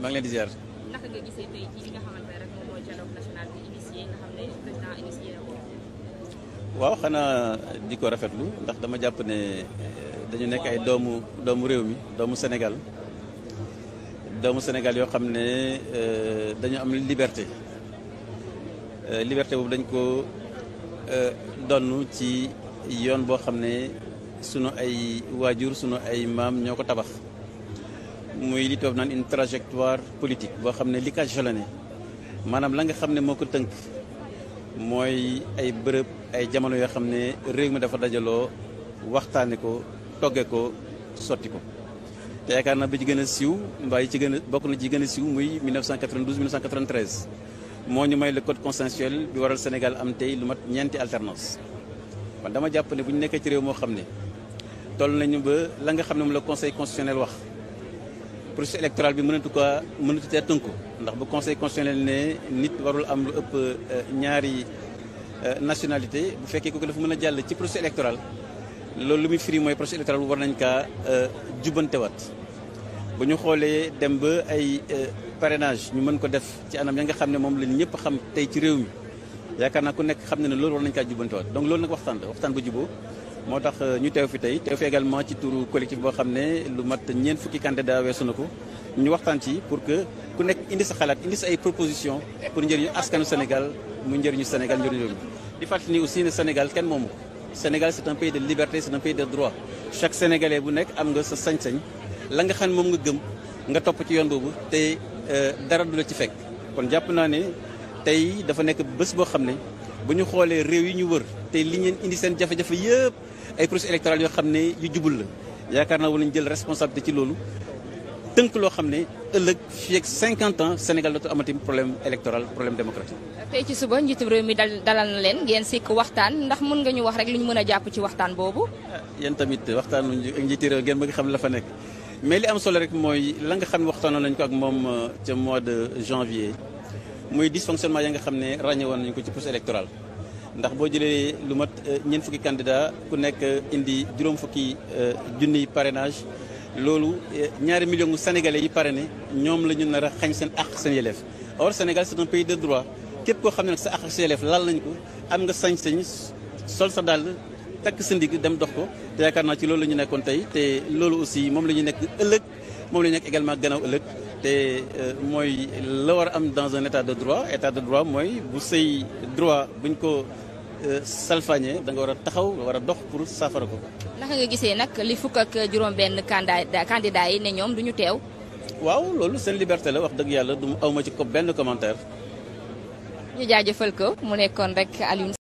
maa ngi leen waaw xanaa di ko rafetlu ndax dama jàpp ne eh, dañu nekk ay doomu doomu réew mi doomu Sénégal doomu Sénégal yoo xam ne eh, dañu am liberté eh, liberté boobu dañ ko donn ci yoon boo xam ne sunu ay waajur sunu ay maam ñoo ko tabax. muy li toog naan une trajectoire politique boo xam ne li ka jalonné maanaam la nga xam ne moo ko tënk mooy ay bërëb ay jamono yoo xam ne réew mi dafa dajaloo waxtaane ko togge ko sotti ko te yaakaar naa bi ci gën a siiw mbaa yi ci gën a bokk na ci gën a siiw muy 1992 1993 moo ñu may le code consensuel bi waral Sénégal am tey lu mat ñeenti alternance kon dama jàpp ne bu ñu nekkee ci réew moo xam ne toll nañu ba la nga xam ne moom la conseil constitutionnel wax processus électoral bi mënatu ko mënatu tee tënku ndax bu conseil constitutionnel ne nit warul am lu ëpp euh, ñaari euh, nationalité bu fekkee kooku dafa mën a jàll ci processus électoral loolu lu muy firi mooy processus électoral bu war nañ kaa euh, jubantewaat bu ñu xoolee dem ba ay parrainage ñu mën ko def ci anam ya nga xam ne moom la ñëpp xam tey ci réew mi yaakaar naa ku nekk xam ne ne loolu war nañ kaa jubantewaat donc loolu nag waxtaan la waxtaan ba juboo moo tax euh, ñu teew fi tey teew fi également ci turu collectif boo xam ne lu mat ñeent fukki candidat weesu na ko ñu waxtaan ci pour que ku nekk indi sa xalaat indi sa ay proposition pour njëriñu askanu Sénégal mu njëriñu Sénégal njëriñu réew mi di fàttali ni aussi ne Sénégal kenn moom ko Sénégal c'est un pays de liberté c'est un pays de droit chaque Sénégalais bu nekk am nga sa sañ-sañ la nga xam moom nga gëm nga topp ci yoon boobu te euh, dara du la ci fekk kon jàpp naa ne tey dafa nekk bés boo xam ne bu ñu xoolee réew yi ñu wër te li ngeen indi seen jafe-jafe yëpp ay processus électoral yoo xam ne yu jubul la yaakaar naa wala ñu jël responsabilité ci loolu tënk loo xam ne ëllëg fii ak 50 ans Sénégal dootu amati problème électoral problème démocratique. tey ci suba njiitu réew mi dalal na leen ngeen sikk waxtaan ndax mën nga ñu wax rek li ñu mën a jàpp ci waxtaan boobu. Ah, yéen tamit waxtaan ak njiitu réew ngeen bëgg xam ne la fa nekk mais li am solo rek mooy la nga xam waxtaanoon nañ ko ak moom euh, ca mois de janvier. muy dysfonctionnement ya nga xam ne ràññe woon nañu ko ci processus électoral ndax boo jëlee lu mat euh, ñeent fukki candidat ku nekk euh, indi juróom fukki euh, junniy parrainage loolu ñaari million gu sénégalais yi pare parrainé ñoom la ñu nar xañ seen àq seen yelleef or Sénégal c'est un pays de droit képp koo xam ne nag sa àq ak sa yelleef laal nañ ko am nga sañ-sañ sol sa dàll takk sa ndig dem dox ko te yaakaar naa ci loolu la ñu nekkoon tey te loolu aussi moom la ñu nekk ëllëg moom la ñu nekk également gannaaw ëllëg te euh, mooy la war a am dans un état de droit état de droit mooy bu sëy droit buñ ko euh, salfañee da nga war a taxaw war a dox pour safara ko. naka nga gisee nag li fukk ak juróom-benn candidat candidat yi ne ñoom du ñu teew. waaw loolu seen liberté la wax dëgg yàlla du awma ci ko benn commentaire. ñu jaajëfal ko mu nekkoon rek